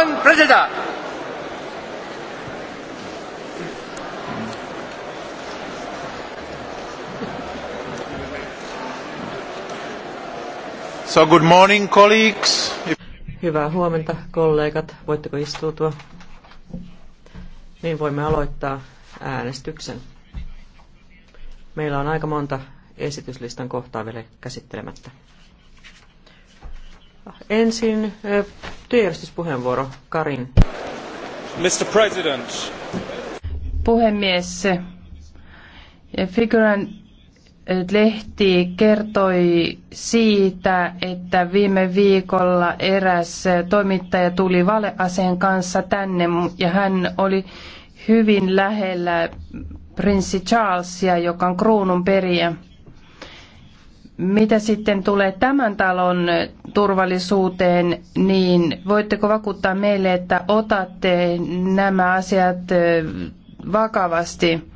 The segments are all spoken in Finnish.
Pan prezydent! So good morning, colleagues. Hyvää huomenta, kollegat. Voitteko istuutua? Niin voimme aloittaa äänestyksen. Meillä on aika monta esityslistan kohtaa vielä käsittelemättä. Ensin työjärjestyspuheenvuoro, Karin. Mr. President. Puhemies, Figuran lehti kertoi siitä, että viime viikolla eräs toimittaja tuli valeaseen kanssa tänne ja hän oli hyvin lähellä prinssi Charlesia, joka on kruunun periä. Mitä sitten tulee tämän talon turvallisuuteen, niin voitteko vakuuttaa meille, että otatte nämä asiat vakavasti?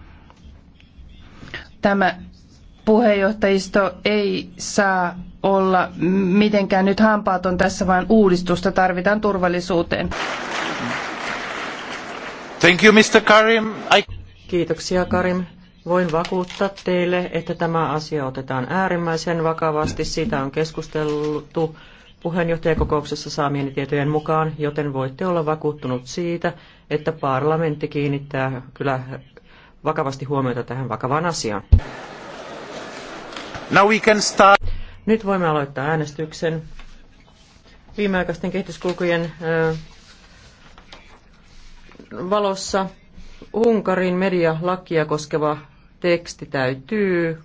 Tämä puheenjohtajisto ei saa olla mitenkään nyt hampaaton tässä, vaan uudistusta tarvitaan turvallisuuteen. Thank you, Mr. Karim. I... Kiitoksia, Karim. Voin vakuuttaa teille, että tämä asia otetaan äärimmäisen vakavasti. Siitä on keskusteltu puheenjohtajakokouksessa saamieni tietojen mukaan, joten voitte olla vakuuttunut siitä, että parlamentti kiinnittää kyllä vakavasti huomiota tähän vakavaan asiaan. Now we can start. Nyt voimme aloittaa äänestyksen. Viimeaikaisten kehityskulkujen valossa Unkarin medialakia koskeva teksti täytyy,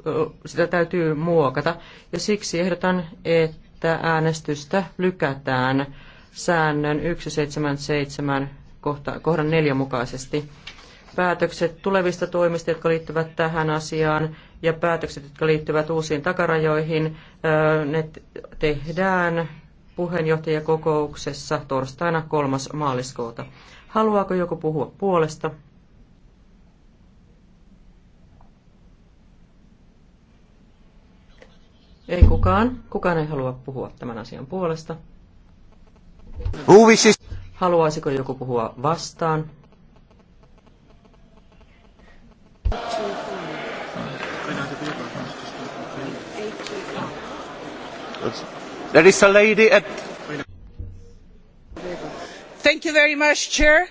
sitä täytyy muokata. Ja siksi ehdotan, että äänestystä lykätään säännön 177 kohta, kohdan 4 mukaisesti. Päätökset tulevista toimista, jotka liittyvät tähän asiaan, ja päätökset, jotka liittyvät uusiin takarajoihin, ne tehdään puheenjohtajakokouksessa torstaina 3. maaliskuuta. Haluaako joku puhua puolesta? Ei kukaan. Kukaan ei halua puhua tämän asian puolesta. Haluaisiko joku puhua vastaan? There is a lady at... Thank you very much, Chair.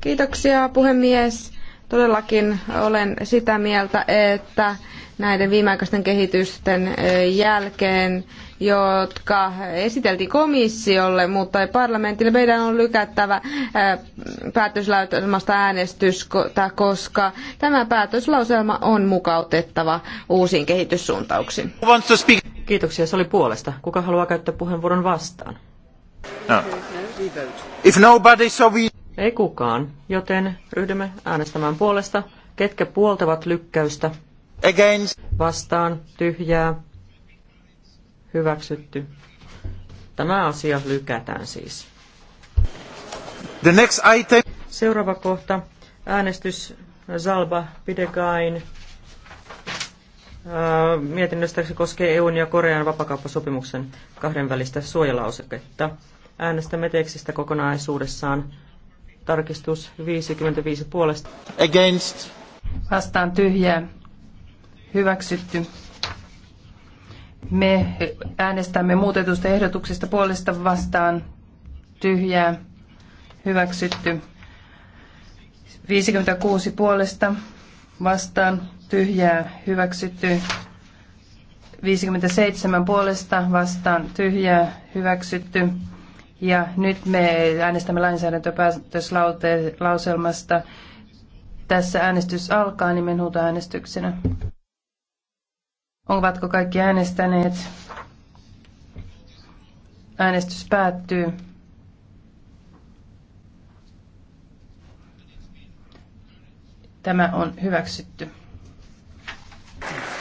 Kiitoksia puhemies. Todellakin olen sitä mieltä, että näiden viimeaikaisten kehitysten jälkeen, jotka esiteltiin komissiolle, mutta ei parlamentille. Meidän on lykättävä päätöslauselmasta äänestystä, koska tämä päätöslauselma on mukautettava uusiin kehityssuuntauksiin. Kiitoksia, se oli puolesta. Kuka haluaa käyttää puheenvuoron vastaan? No. If nobody, so we... Ei kukaan, joten ryhdymme äänestämään puolesta. Ketkä puoltavat lykkäystä? Against. Vastaan. Tyhjää. Hyväksytty. Tämä asia lykätään siis. The next item. Seuraava kohta. Äänestys Zalba Pidegain äh, mietinnöstä se koskee EUn ja Korean vapakauppasopimuksen kahdenvälistä suojalauseketta. Äänestämme tekstistä kokonaisuudessaan. Tarkistus 55 puolesta. Against. Vastaan tyhjää hyväksytty. Me äänestämme muutetusta ehdotuksesta puolesta vastaan tyhjää hyväksytty. 56 puolesta vastaan tyhjää hyväksytty. 57 puolesta vastaan tyhjää hyväksytty. Ja nyt me äänestämme lainsäädäntöpäätöslauselmasta. Tässä äänestys alkaa nimenhuutoäänestyksenä. Niin Ovatko kaikki äänestäneet? Äänestys päättyy. Tämä on hyväksytty.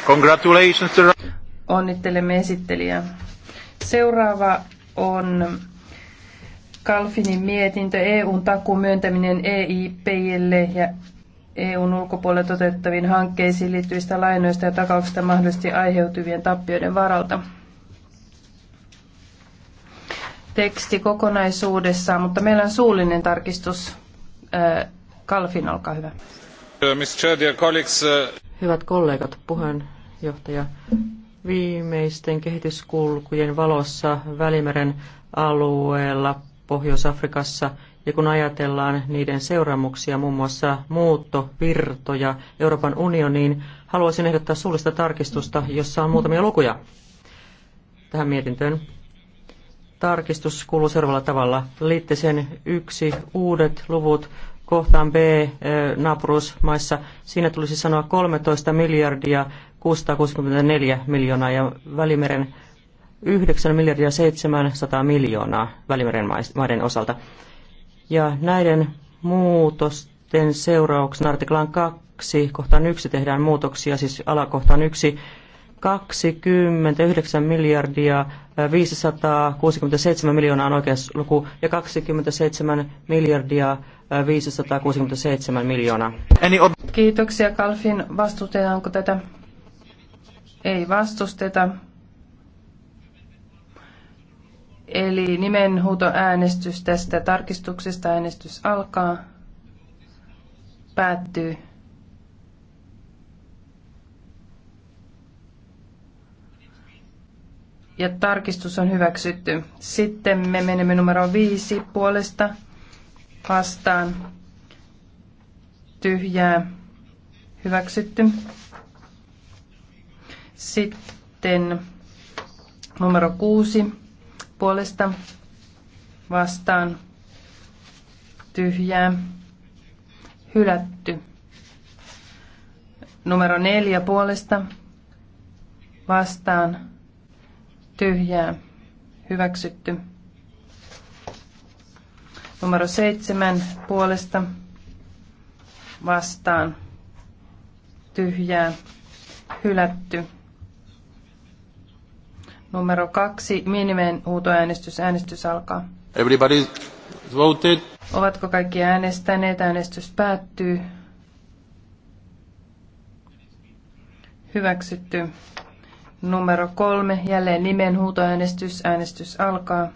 Congratulations. Onnittelemme esittelijää. Seuraava on Kalfinin mietintö EUn takuun myöntäminen EIPlle ja EUn ulkopuolella toteuttaviin hankkeisiin liittyvistä lainoista ja takauksista mahdollisesti aiheutuvien tappioiden varalta. Teksti kokonaisuudessaan, mutta meillä on suullinen tarkistus. Kalfin, olkaa hyvä. Hyvät kollegat, puheenjohtaja. Viimeisten kehityskulkujen valossa Välimeren alueella, Pohjois-Afrikassa ja kun ajatellaan niiden seuraamuksia, muun muassa muuttovirtoja Euroopan unioniin, haluaisin ehdottaa suullista tarkistusta, jossa on muutamia lukuja tähän mietintöön. Tarkistus kuuluu seuraavalla tavalla. Liitteeseen yksi uudet luvut kohtaan B eh, naapuruusmaissa. Siinä tulisi sanoa 13 miljardia 664 miljoonaa ja Välimeren 9 miljardia 700 miljoonaa Välimeren maiden osalta. Ja näiden muutosten seurauksena artiklaan 2 kohtaan 1 tehdään muutoksia, siis alakohtaan 1 29 miljardia 567 miljoonaa on oikea luku ja 27 miljardia 567 miljoonaa. Kiitoksia Kalfin. Vastustetaanko tätä? Ei vastusteta. Eli nimenhuutoäänestys tästä tarkistuksesta. Äänestys alkaa. Päättyy. Ja tarkistus on hyväksytty. Sitten me menemme numero viisi puolesta vastaan. Tyhjää. Hyväksytty. Sitten numero kuusi puolesta vastaan tyhjää hylätty. Numero neljä puolesta vastaan tyhjää hyväksytty. Numero seitsemän puolesta vastaan tyhjää hylätty. Numero kaksi, minimeen huutoäänestys. Äänestys alkaa. Everybody's voted. Ovatko kaikki äänestäneet? Äänestys päättyy. Hyväksytty. Numero kolme, jälleen nimen huutoäänestys. Äänestys alkaa.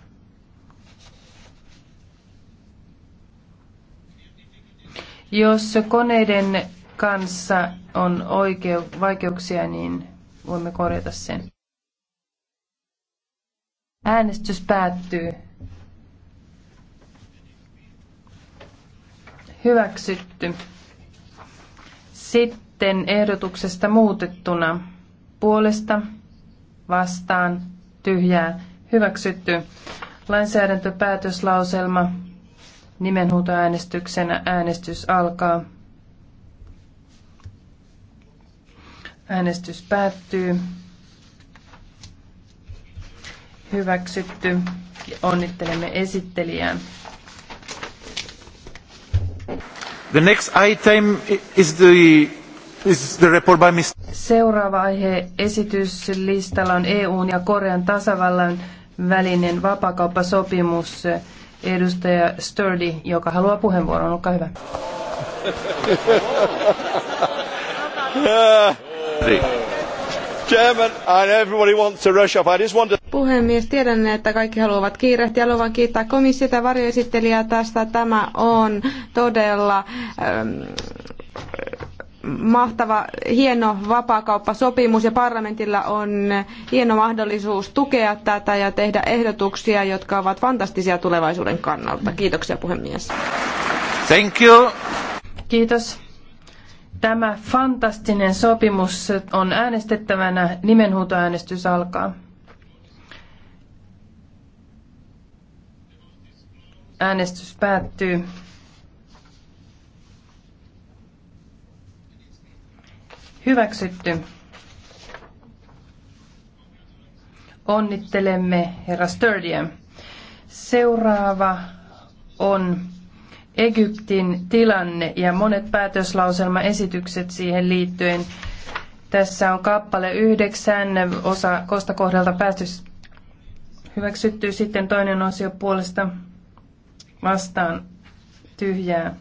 Jos koneiden kanssa on oikeu- vaikeuksia, niin voimme korjata sen. Äänestys päättyy. Hyväksytty. Sitten ehdotuksesta muutettuna. Puolesta, vastaan, tyhjää, hyväksytty. Lainsäädäntöpäätöslauselma. Nimenhuutoäänestyksenä äänestys alkaa. Äänestys päättyy hyväksytty. Onnittelemme esittelijää. The next item is the, is the report by Mr. Seuraava aihe esityslistalla on EUn ja Korean tasavallan välinen vapakauppasopimus. Edustaja Sturdy, joka haluaa puheenvuoron, olkaa hyvä. Chairman, I know everybody wants to rush off. I just want to puhemies. Tiedän, että kaikki haluavat kiirehtiä. Haluan kiittää komissiota ja varjoesittelijää tästä. Tämä on todella ähm, mahtava, hieno vapaakauppasopimus ja parlamentilla on hieno mahdollisuus tukea tätä ja tehdä ehdotuksia, jotka ovat fantastisia tulevaisuuden kannalta. Kiitoksia puhemies. Thank you. Kiitos. Tämä fantastinen sopimus on äänestettävänä. Nimenhuutoäänestys alkaa. Äänestys päättyy. Hyväksytty. Onnittelemme herra Sturdia. Seuraava on Egyptin tilanne ja monet päätöslauselmaesitykset siihen liittyen. Tässä on kappale yhdeksän, osa kosta kohdalta päätös hyväksytty. sitten toinen osio puolesta vastaan tyhjää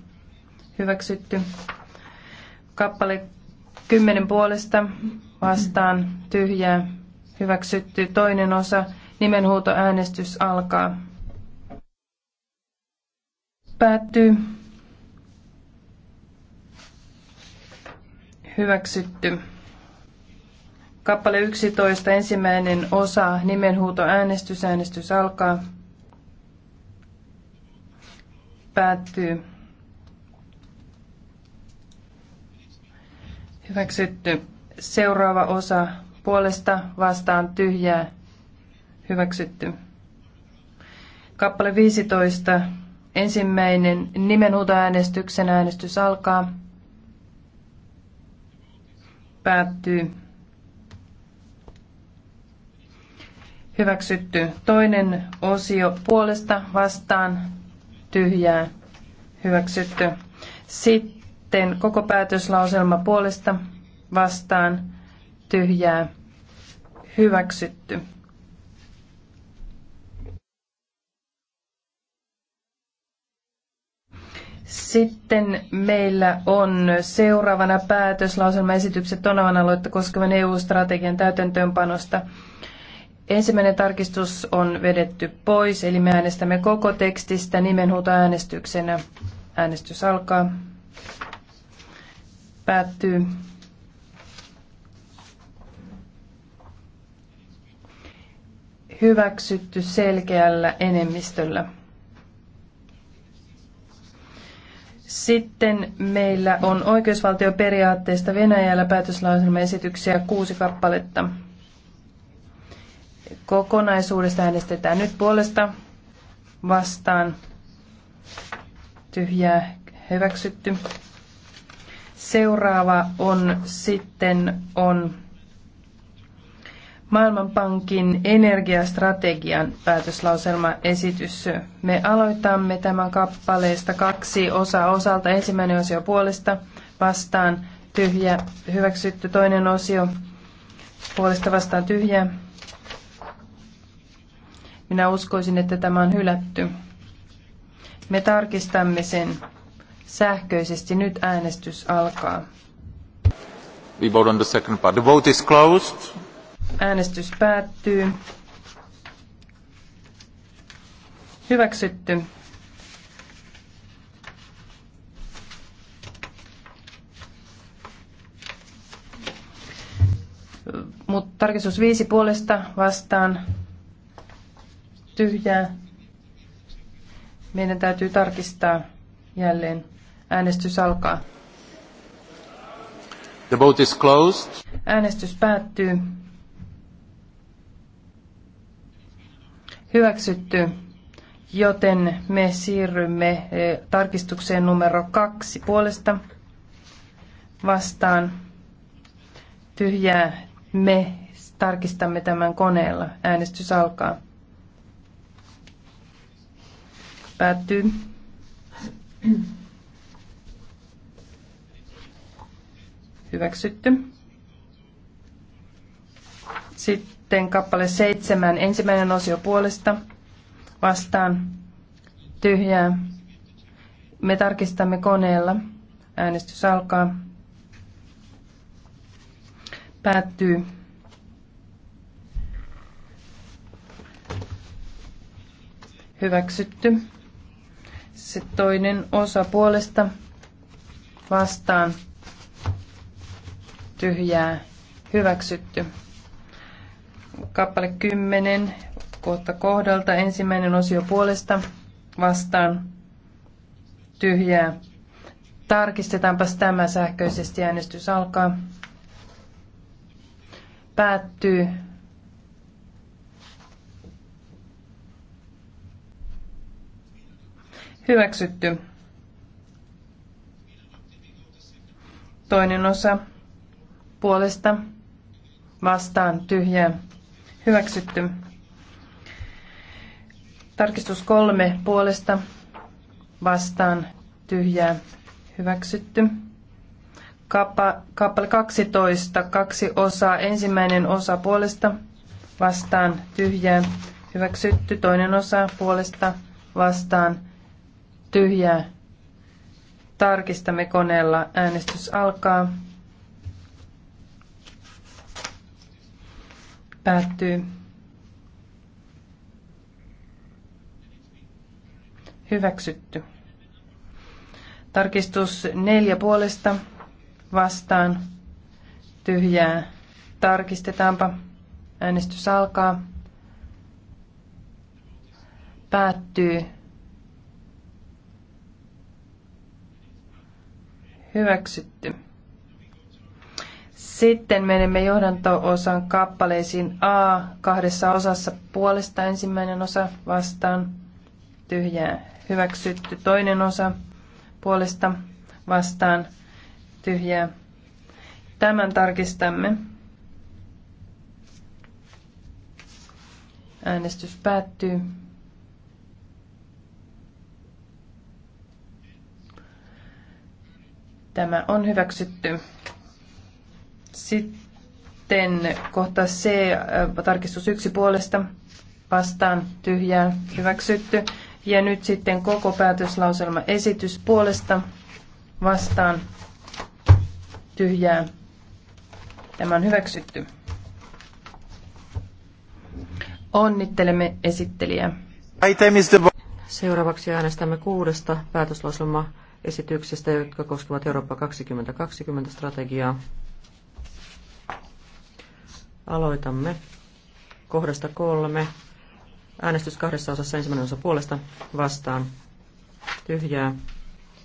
hyväksytty. Kappale kymmenen puolesta vastaan tyhjää hyväksytty. Toinen osa nimenhuutoäänestys alkaa. Päättyy. Hyväksytty. Kappale 11, ensimmäinen osa, nimenhuuto äänestys, äänestys alkaa päättyy. Hyväksytty. Seuraava osa puolesta vastaan tyhjää. Hyväksytty. Kappale 15. Ensimmäinen nimenhuutoäänestyksen äänestys alkaa. Päättyy. Hyväksytty. Toinen osio puolesta vastaan tyhjää hyväksytty. Sitten koko päätöslauselma puolesta vastaan tyhjää hyväksytty. Sitten meillä on seuraavana päätöslauselmaesitykset Tonavan aloitta koskevan EU-strategian täytäntöönpanosta. Ensimmäinen tarkistus on vedetty pois, eli me äänestämme koko tekstistä nimenhuutoäänestyksenä. Äänestys alkaa. Päättyy. Hyväksytty selkeällä enemmistöllä. Sitten meillä on oikeusvaltioperiaatteista Venäjällä päätöslauselmaesityksiä kuusi kappaletta kokonaisuudesta äänestetään nyt puolesta vastaan tyhjää hyväksytty. Seuraava on sitten on Maailmanpankin energiastrategian päätöslauselmaesitys. Me aloitamme tämän kappaleesta kaksi osaa osalta. Ensimmäinen osio puolesta vastaan tyhjä, hyväksytty toinen osio puolesta vastaan tyhjä, minä uskoisin, että tämä on hylätty. Me tarkistamme sen sähköisesti. Nyt äänestys alkaa. We vote on the second part. The vote is closed. Äänestys päättyy. Hyväksytty. Mutta tarkistus viisi puolesta vastaan tyhjää. Meidän täytyy tarkistaa jälleen. Äänestys alkaa. The vote is closed. Äänestys päättyy. Hyväksytty, joten me siirrymme e, tarkistukseen numero kaksi puolesta vastaan tyhjää. Me tarkistamme tämän koneella. Äänestys alkaa. Päättyy. Hyväksytty. Sitten kappale seitsemän, ensimmäinen osio puolesta. Vastaan. Tyhjää. Me tarkistamme koneella. Äänestys alkaa. Päättyy. Hyväksytty se toinen osa puolesta vastaan tyhjää hyväksytty. Kappale 10 kohta kohdalta ensimmäinen osio puolesta vastaan tyhjää. Tarkistetaanpas tämä sähköisesti. Äänestys alkaa. Päättyy. Hyväksytty. Toinen osa puolesta vastaan tyhjä Hyväksytty. Tarkistus kolme puolesta vastaan tyhjää. Hyväksytty. Kappa, kappale 12, kaksi osaa. Ensimmäinen osa puolesta vastaan tyhjää. Hyväksytty. Toinen osa puolesta vastaan tyhjää. Tarkistamme koneella. Äänestys alkaa. Päättyy. Hyväksytty. Tarkistus neljä puolesta vastaan tyhjää. Tarkistetaanpa. Äänestys alkaa. Päättyy. Hyväksytty. Sitten menemme johdanto-osan kappaleisiin A kahdessa osassa puolesta ensimmäinen osa vastaan tyhjää hyväksytty toinen osa puolesta vastaan tyhjää. Tämän tarkistamme. Äänestys päättyy. Tämä on hyväksytty. Sitten kohta C, äh, tarkistus yksi puolesta, vastaan tyhjää, hyväksytty. Ja nyt sitten koko päätöslauselma esitys puolesta, vastaan tyhjää. Tämä on hyväksytty. Onnittelemme esittelijää. Seuraavaksi äänestämme kuudesta päätöslauselmaa esityksestä, jotka koskevat Eurooppa 2020 strategiaa. Aloitamme kohdasta kolme. Äänestys kahdessa osassa ensimmäinen osa puolesta vastaan. Tyhjää.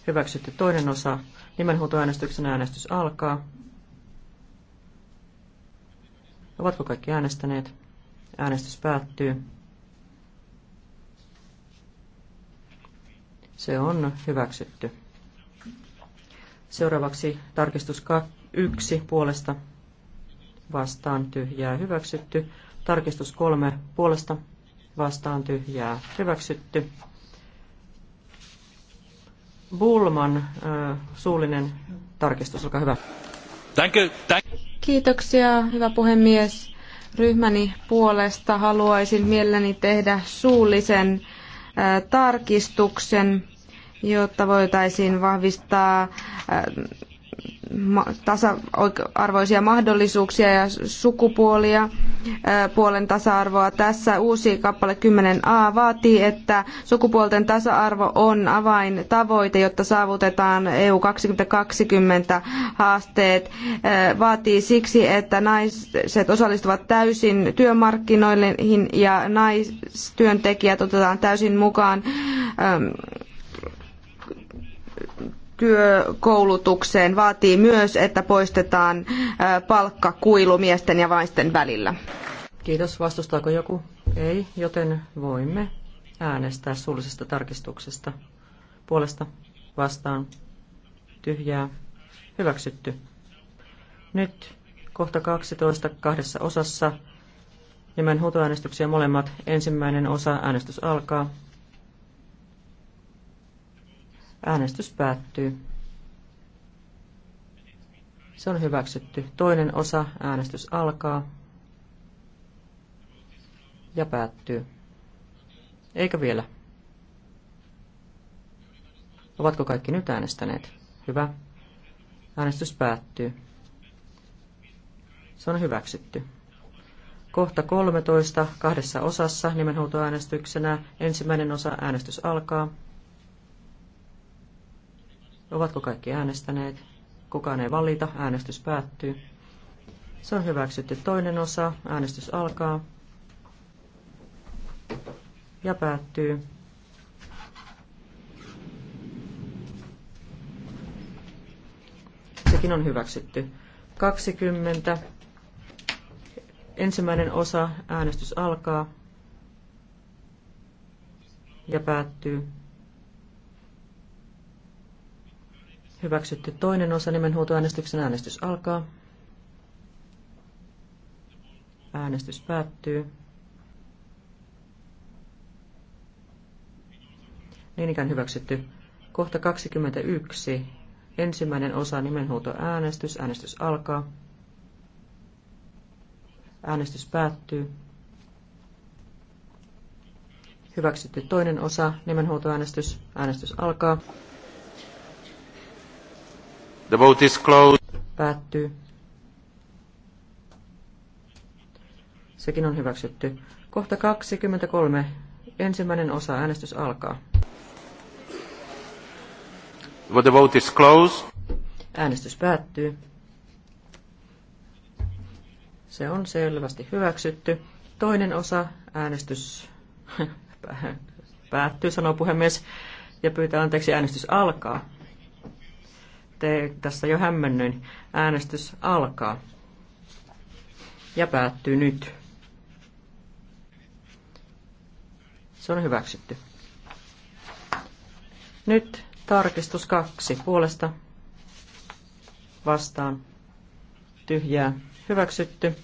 Hyväksytty toinen osa. Nimenhuutoäänestyksen äänestys alkaa. Ovatko kaikki äänestäneet? Äänestys päättyy. Se on hyväksytty. Seuraavaksi tarkistus 1 puolesta vastaan tyhjää hyväksytty. Tarkistus 3 puolesta vastaan tyhjää hyväksytty. Bulman äh, suullinen tarkistus, olkaa hyvä. Thank you. Thank you. Kiitoksia, hyvä puhemies. Ryhmäni puolesta haluaisin mielelläni tehdä suullisen äh, tarkistuksen jotta voitaisiin vahvistaa äh, tasa-arvoisia mahdollisuuksia ja sukupuolia, äh, puolen tasa-arvoa. Tässä uusi kappale 10a vaatii, että sukupuolten tasa-arvo on avain tavoite, jotta saavutetaan EU 2020 haasteet. Äh, vaatii siksi, että naiset osallistuvat täysin työmarkkinoille ja naistyöntekijät otetaan täysin mukaan ähm, työkoulutukseen vaatii myös, että poistetaan palkkakuilu miesten ja naisten välillä. Kiitos. Vastustaako joku? Ei, joten voimme äänestää suullisesta tarkistuksesta. Puolesta vastaan tyhjää hyväksytty. Nyt kohta 12 kahdessa osassa. Nimen huutoäänestyksiä molemmat. Ensimmäinen osa äänestys alkaa. Äänestys päättyy. Se on hyväksytty. Toinen osa, äänestys alkaa ja päättyy. Eikö vielä? Ovatko kaikki nyt äänestäneet? Hyvä. Äänestys päättyy. Se on hyväksytty. Kohta 13 kahdessa osassa nimenhuutoäänestyksenä. Ensimmäinen osa äänestys alkaa. Ovatko kaikki äänestäneet? Kukaan ei valita. Äänestys päättyy. Se on hyväksytty toinen osa. Äänestys alkaa. Ja päättyy. Sekin on hyväksytty. 20. Ensimmäinen osa. Äänestys alkaa. Ja päättyy. Hyväksytty toinen osa nimenhuutoäänestyksen äänestys alkaa. Äänestys päättyy. Niin ikään hyväksytty. Kohta 21. Ensimmäinen osa nimenhuutoäänestys. Äänestys alkaa. Äänestys päättyy. Hyväksytty toinen osa nimenhuutoäänestys. Äänestys alkaa. The vote is closed. Päättyy. Sekin on hyväksytty. Kohta 23. Ensimmäinen osa. Äänestys alkaa. The vote is closed. Äänestys päättyy. Se on selvästi hyväksytty. Toinen osa. Äänestys päättyy, sanoo puhemies, ja pyytää anteeksi. Äänestys alkaa te tässä jo hämmennyin. Äänestys alkaa ja päättyy nyt. Se on hyväksytty. Nyt tarkistus kaksi puolesta vastaan tyhjää hyväksytty.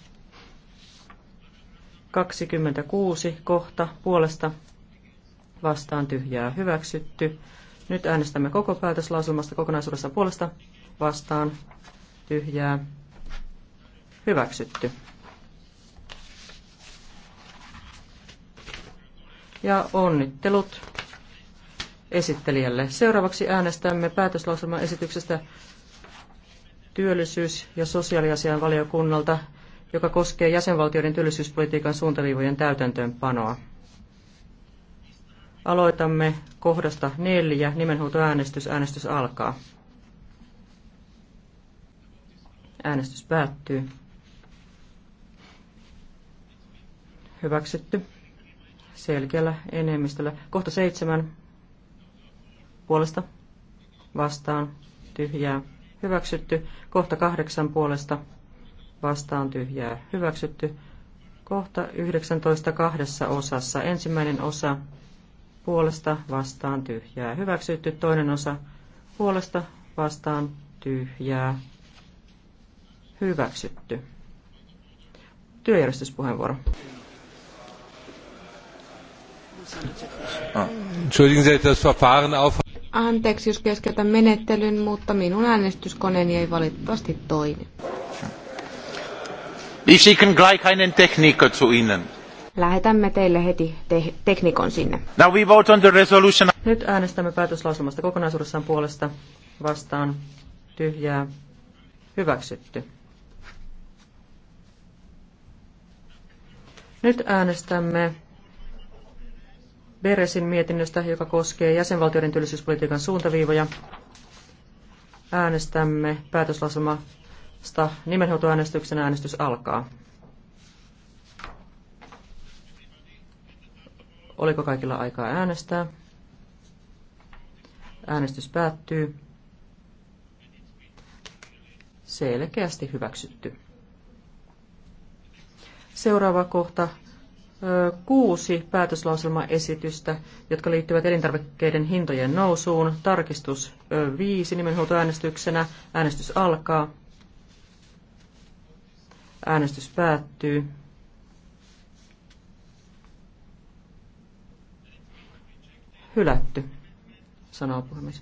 26 kohta puolesta vastaan tyhjää hyväksytty. Nyt äänestämme koko päätöslauselmasta kokonaisuudessaan puolesta vastaan tyhjää hyväksytty. Ja onnittelut esittelijälle. Seuraavaksi äänestämme päätöslauselman esityksestä työllisyys- ja sosiaaliasian valiokunnalta, joka koskee jäsenvaltioiden työllisyyspolitiikan suuntaviivojen täytäntöönpanoa. Aloitamme kohdasta neljä. Nimenhuutoäänestys. Äänestys alkaa. Äänestys päättyy. Hyväksytty. Selkeällä enemmistöllä. Kohta seitsemän. Puolesta. Vastaan. Tyhjää. Hyväksytty. Kohta kahdeksan puolesta. Vastaan tyhjää. Hyväksytty. Kohta 19 kahdessa osassa. Ensimmäinen osa puolesta vastaan tyhjää. Hyväksytty toinen osa puolesta vastaan tyhjää. Hyväksytty. Työjärjestyspuheenvuoro. Ah, Anteeksi, jos keskeytän menettelyn, mutta minun äänestyskoneeni ei valitettavasti toimi. Ich schicke gleich einen Techniker zu Ihnen lähetämme teille heti te- teknikon sinne. Now we vote on the resolution. Nyt äänestämme päätöslauselmasta kokonaisuudessaan puolesta vastaan tyhjää hyväksytty. Nyt äänestämme Beresin mietinnöstä, joka koskee jäsenvaltioiden työllisyyspolitiikan suuntaviivoja. Äänestämme päätöslauselmasta nimenhoitoäänestyksen äänestys alkaa. Oliko kaikilla aikaa äänestää? Äänestys päättyy. Selkeästi hyväksytty. Seuraava kohta. Kuusi päätöslauselmaesitystä, jotka liittyvät elintarvikkeiden hintojen nousuun. Tarkistus viisi nimenhuoltoäänestyksenä. Äänestys alkaa. Äänestys päättyy. Hylätty, sanoo puhemies.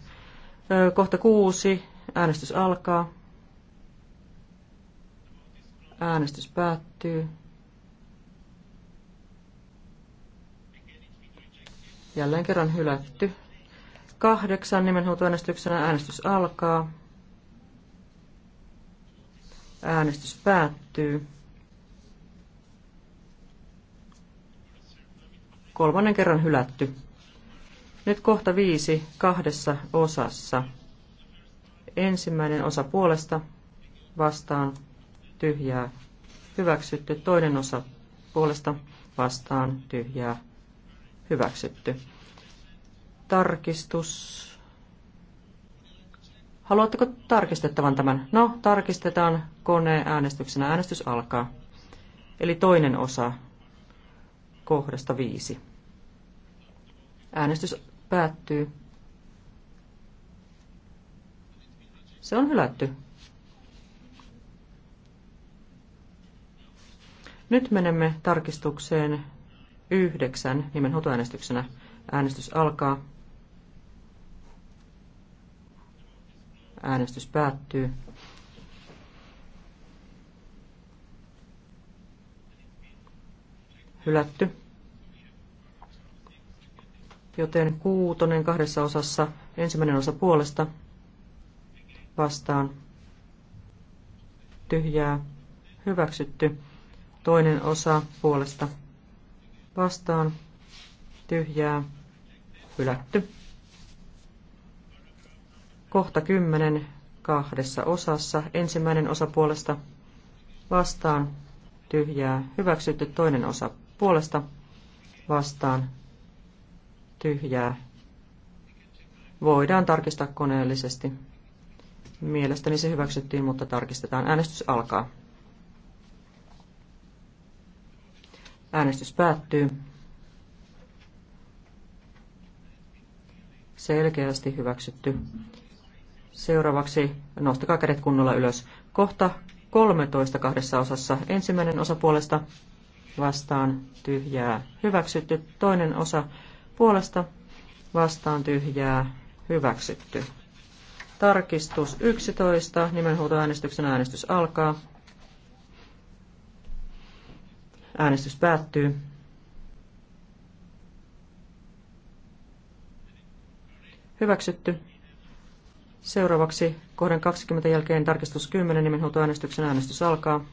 Kohta kuusi. Äänestys alkaa. Äänestys päättyy. Jälleen kerran hylätty. Kahdeksan nimenhuutoäänestyksenä äänestys alkaa. Äänestys päättyy. Kolmannen kerran hylätty. Nyt kohta viisi kahdessa osassa. Ensimmäinen osa puolesta vastaan tyhjää hyväksytty. Toinen osa puolesta vastaan tyhjää hyväksytty. Tarkistus. Haluatteko tarkistettavan tämän? No, tarkistetaan äänestyksenä. Äänestys alkaa. Eli toinen osa kohdasta viisi. Äänestys Päättyy. Se on hylätty. Nyt menemme tarkistukseen yhdeksän nimen hotoäänestyksenä. Äänestys alkaa. Äänestys päättyy. Hylätty joten kuutonen kahdessa osassa, ensimmäinen osa puolesta, vastaan, tyhjää, hyväksytty, toinen osa puolesta, vastaan, tyhjää, hylätty. Kohta kymmenen kahdessa osassa, ensimmäinen osa puolesta, vastaan, tyhjää, hyväksytty, toinen osa puolesta, vastaan, tyhjää. Voidaan tarkistaa koneellisesti. Mielestäni se hyväksyttiin, mutta tarkistetaan. Äänestys alkaa. Äänestys päättyy. Selkeästi hyväksytty. Seuraavaksi nostakaa kädet kunnolla ylös. Kohta 13 kahdessa osassa. Ensimmäinen osa puolesta vastaan tyhjää hyväksytty. Toinen osa puolesta vastaan tyhjää hyväksytty. Tarkistus 11. Nimenhuutoäänestyksen äänestys alkaa. Äänestys päättyy. Hyväksytty. Seuraavaksi kohden 20 jälkeen tarkistus 10. Nimenhuutoäänestyksen äänestys alkaa.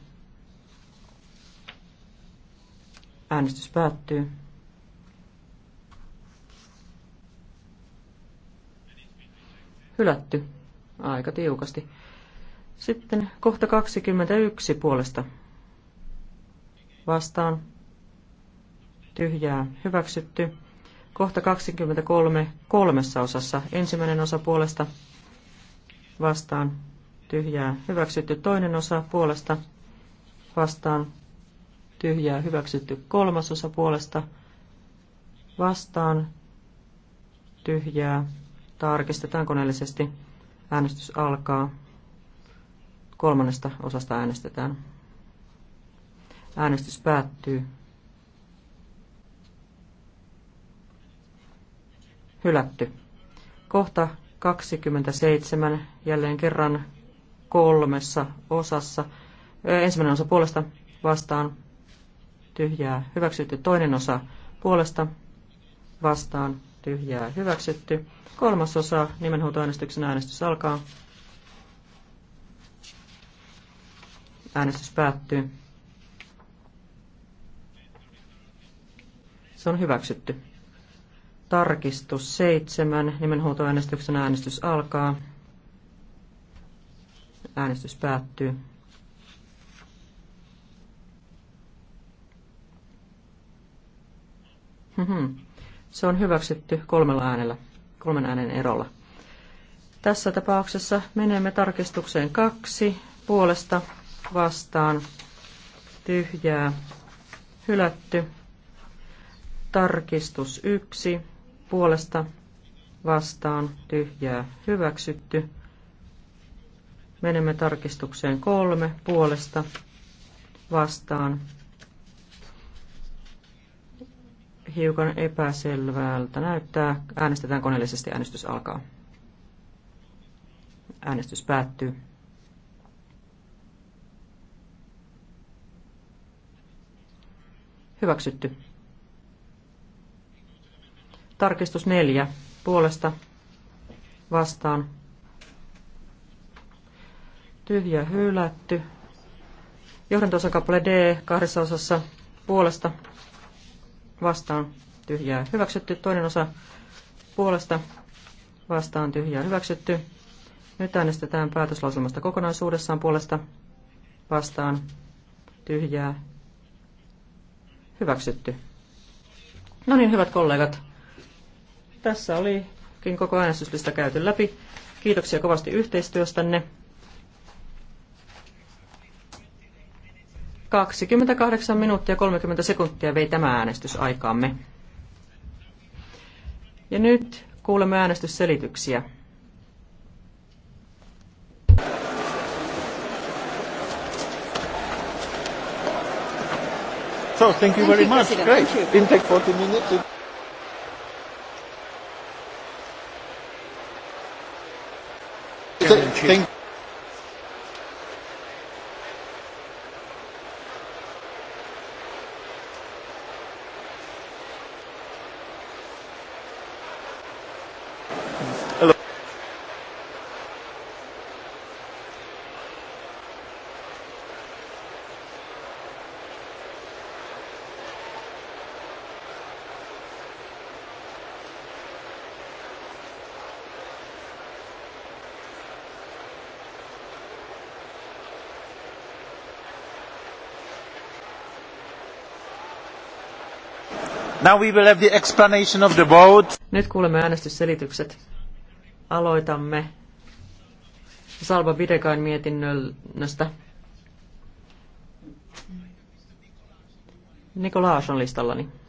Äänestys päättyy. Hylätty. Aika tiukasti. Sitten kohta 21 puolesta. Vastaan. Tyhjää. Hyväksytty. Kohta 23 kolmessa osassa. Ensimmäinen osa puolesta. Vastaan. Tyhjää. Hyväksytty. Toinen osa puolesta. Vastaan. Tyhjää. Hyväksytty. Kolmas osa puolesta. Vastaan. Tyhjää Tarkistetaan koneellisesti. Äänestys alkaa. Kolmannesta osasta äänestetään. Äänestys päättyy. Hylätty. Kohta 27 jälleen kerran kolmessa osassa. Ensimmäinen osa puolesta vastaan tyhjää hyväksytty. Toinen osa puolesta vastaan tyhjää hyväksytty. kolmas osa nimenhuutoäänestyksen äänestys alkaa. Äänestys päättyy. Se on hyväksytty. Tarkistus seitsemän Nimenhuutoäänestyksen äänestys alkaa. Äänestys päättyy. Hmm. hmm. Se on hyväksytty kolmella äänellä, kolmen äänen erolla. Tässä tapauksessa menemme tarkistukseen kaksi puolesta vastaan tyhjää hylätty. Tarkistus yksi puolesta vastaan tyhjää hyväksytty. Menemme tarkistukseen kolme puolesta vastaan hiukan epäselvältä näyttää. Äänestetään koneellisesti. Äänestys alkaa. Äänestys päättyy. Hyväksytty. Tarkistus neljä. Puolesta vastaan. Tyhjä hylätty. Johdantosakappale D kahdessa osassa puolesta vastaan tyhjää hyväksytty. Toinen osa puolesta vastaan tyhjää hyväksytty. Nyt äänestetään päätöslauselmasta kokonaisuudessaan puolesta vastaan tyhjää hyväksytty. No niin, hyvät kollegat. Tässä olikin koko äänestyslista käyty läpi. Kiitoksia kovasti yhteistyöstänne. 28 minuuttia 30 sekuntia vei tämä äänestysaikaamme. Ja nyt kuulemme äänestysselityksiä. So, thank you very much. Great. Didn't take 40 minutes. Thank you. Now we will have the explanation of the vote. Nyt kuulemme äänestysselitykset. Aloitamme Salva Bidekain mietinnöstä. Nikolaas on listallani.